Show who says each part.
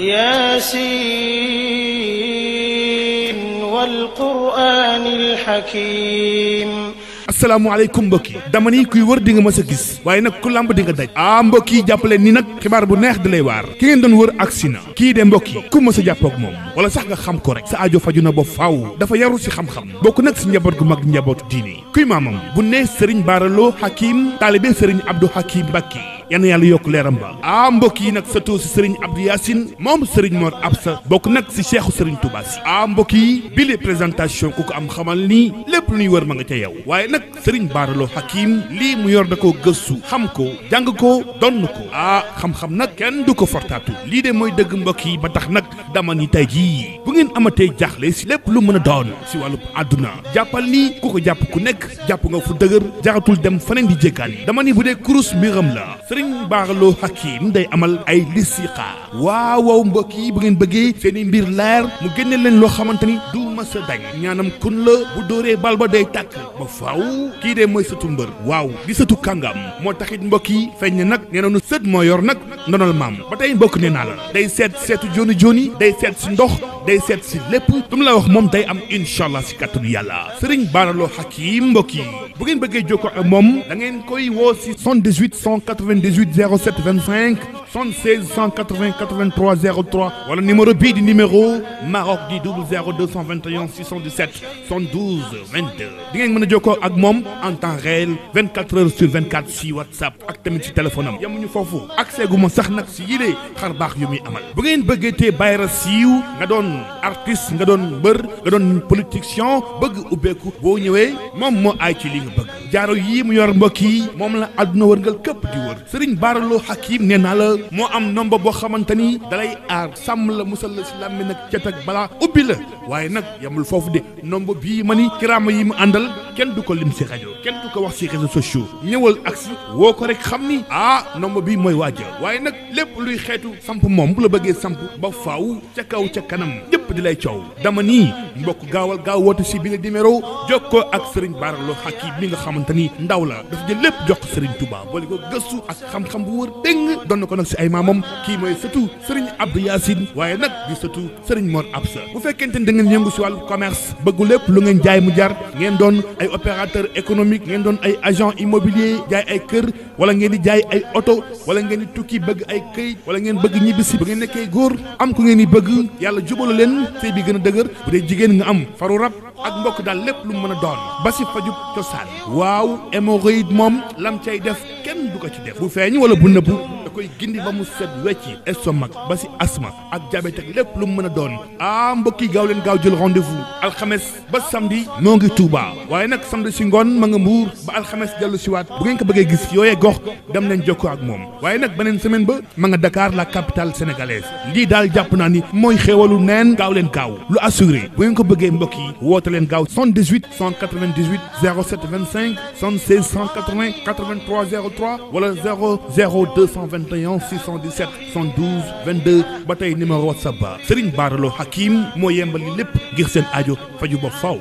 Speaker 1: ياسين والقرآن الحكيم asalaamaaleykum mbokk yi dama ni kuy wër di nga mës a gis waaye nag ku lamb di nga daj ah mbokk yi jàppale ni nag xibaar bu neex da lay ki ngeen doon wër ak si na kii de ku mës a jàppook moom wala sax nga xam ko rek sa aajo faju na ba faaw dafa yaru si xam-xam bokk nag si njaboot gu mag njabootu diine kuy maamam bu ne Serigne Baaraloo Hakim taalibe Serigne Abdou Hakim Mbacke yan yàlla yokk leeram ba ah mbokk yi nag sa too si sëriñ Abdou Yacine moom sëriñ Mor sa bokk nag si cheikhu sëriñ Touba si ah mbokk yi bi présentation ku ko am xamal nii lépp lu ñuy wër ma nga ca yow waaye nag sëriñ Baaraloo Hakim lii mu yor da koo gëstu xam ko jàng ko donn ko ah xam-xam nag kenn du ko fortaatu lii de mooy dëgg mbokk yi ba tax nag dama ni tey jii bu ngeen amatee jaaxle si lépp lu mën a doon si wàllu àdduna jàppal ni ku ko jàpp ku nekk jàpp nga fu dëgër jaratul dem faneen di jéggaan dama ni bu dee kurus mbiram sëriñ Barlo Hakim day amal ay listixaar waaw waaw mbokk yi bu ngeen bëggee seen i mbir leer mu génne leen loo xamante ni du ma a dañ ñaanam kun la bu dóoree bal ba day tàkk ba faaw kii de mooy sëtu mbër waaw di sëtu kàngam moo taxit mbokk yi feeñ na nag nee nañu sët moo yor nag ndonal maam ba tey mbokk nee naa la day seet seetu joni joni day seet si ndox day seet si lépp lu mu la wax moom day am incha allah si kàttanu yàlla sëriñ Barlo Hakim mbokk yi 78 07 25 76 180 83 03 le numéro de di numéro Maroc di 00 221 617 112 22 bien mon joko ak mom en temps réel 24 heures sur 24 sur WhatsApp ak tamit ci téléphone am ñu fofu accès gu ma sax nak si yilé xar bax yu amal bu ngeen bëggee té Bayra siiw nga don artiste nga don mbër nga don politicien bëgg ubbeeku bo ñëwé mom mo ay ci li nga bëgg jaaro yii mu yor mbokk yi moom la àdduna wërngal këpp di wër sëriñ baaraloo hakim nee naa la moo am nomba boo xamante ni dalay aar sàmm la musal la ci làmmi nag cet ak balaa ubbi la waaye nag yamul foofu de nomba bii ma ni kiraama yi mu àndal kenn du ko lim si rajo kenn du ko wax si réseaux sociaux ñëwal ak si woo ko rek xam ni ah nombre bi mooy waaja waaye nag lépp luy xeetu samp moom bu la bëggee samp ba faaw ca kaw ca kanam ñëpp di lay coow dama nii mbokk gaawal gaaw woote si bi la numéro ko ak Serigne Bara Lo Hakim mi nga xamante ni ndaw la dafa jël lépp jox Serigne Touba boole ko gëstu ak xam-xam bu wër dégg doon na ko nag si ay maamam kii mooy surtout Serigne Abdou Yacine waaye nag di surtout Serigne Mor Absa bu fekkente ni da ngeen yëngu si wàllu commerce bëggu lu ngeen jaay mu jar opérateur économique ngeen doon ay agent immobilier jaay ay kër wala ngeen di jaay ay oto wala ngeen di tukki bëgg ay këyit wala ngeen bëgg ñibbisi ba ngeen nekkee góor am ku ngeen di bëgg yàlla jubalu leen sëy bi gën a dëgër bu dee jigéen nga am faru rab ak mbokk daal lépp lu mu mën a doon ba si fajub cosaan waaw hémorroïde moom lam cay def kem du ko ci def bu feeñ wala bu nëbbu da gindi ba mu set wecci estomac ba si asma ak diabète ak lépp lu mu mën a doon ah mbokk gaaw leen gaaw jël rendez-vous alxames ba samedi noo ngi Touba waaye nag samedi si ngoon ma nga mbuur ba alxames dellu si waat bu ngeen ko bëggee gis yooyee gox dem leen jokkoo ak moom waaye nag beneen semaine ba ma nga Dakar la capitale sénégalaise lii daal jàpp naa ni mooy xéewalu neen gaaw leen gaaw lu assuré bu ngeen ko bëggee mbokk yi woote leen gaaw 78 198 07 25 76 180 83 03 wala 0 0 51 617 72 22 ba tey numéro whatsapp ba Serigne Bara Lo Hakim moo yembali lépp ngir seen aajo faju ba faw